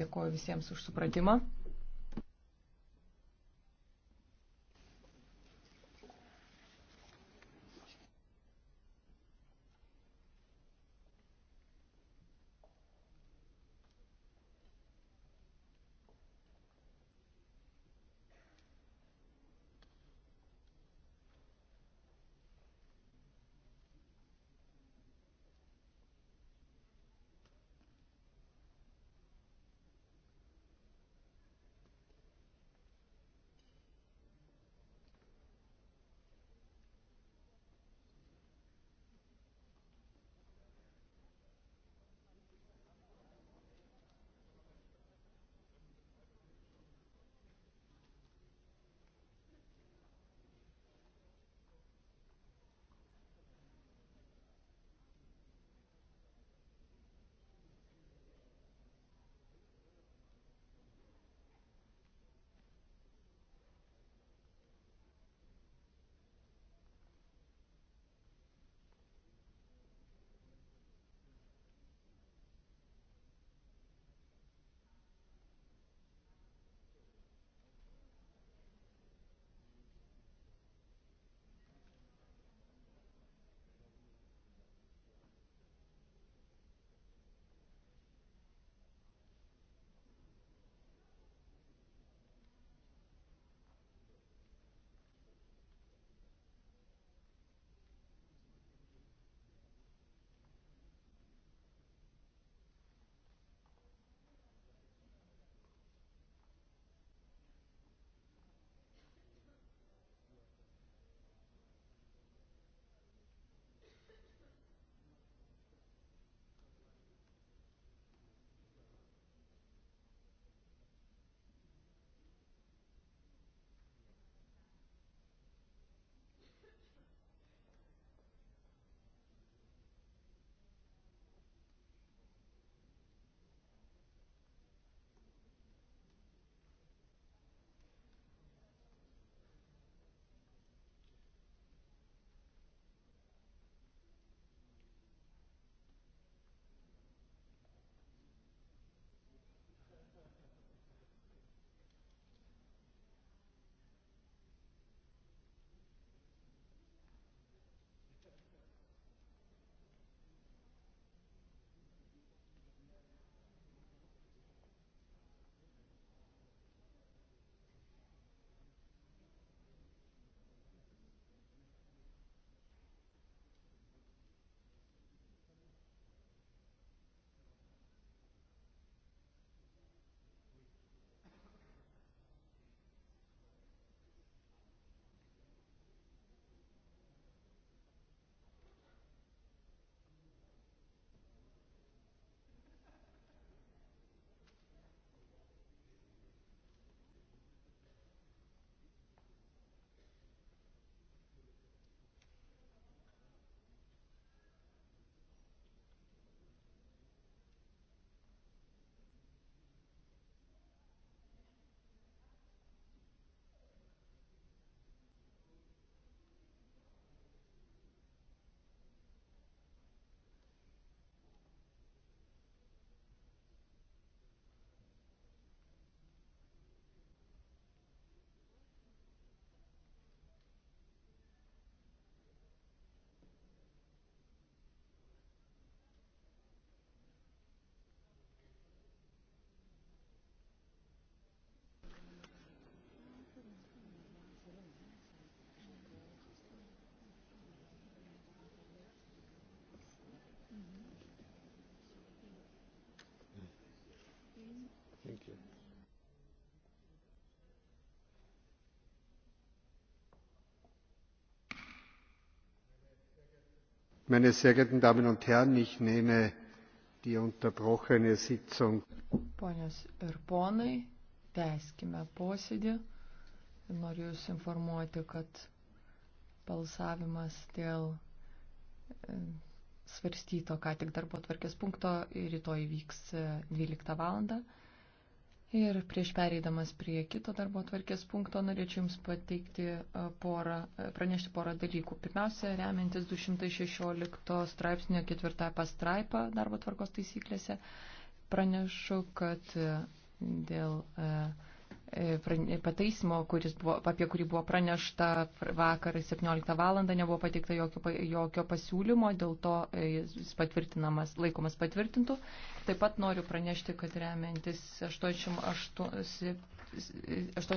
Dėkuoju visiems už supratimą. Thank you. Meine sehr geehrten Damen und Herren, ich nehme die unterbrochene Sitzung. Ponios ir ponai, tęskime posėdį. Noriu Jūs informuoti, kad balsavimas dėl e, svarstyto, ką tik darbo tvarkės punkto rytoj vyks 12 e, val. Ir prieš pereidamas prie kito darbo tvarkės punkto norėčiau Jums pateikti porą, pranešti porą dalykų. Pirmiausia, remiantis 216 straipsnio ketvirtąją pastraipą darbo tvarkos taisyklėse, pranešu, kad dėl. E, E, pataisimo, kuris buvo, apie kurį buvo pranešta vakar 17 val. nebuvo pateikta jokio, jokio pasiūlymo, dėl to e, jis patvirtinamas, laikomas patvirtintų. Taip pat noriu pranešti, kad remiantis 88. 88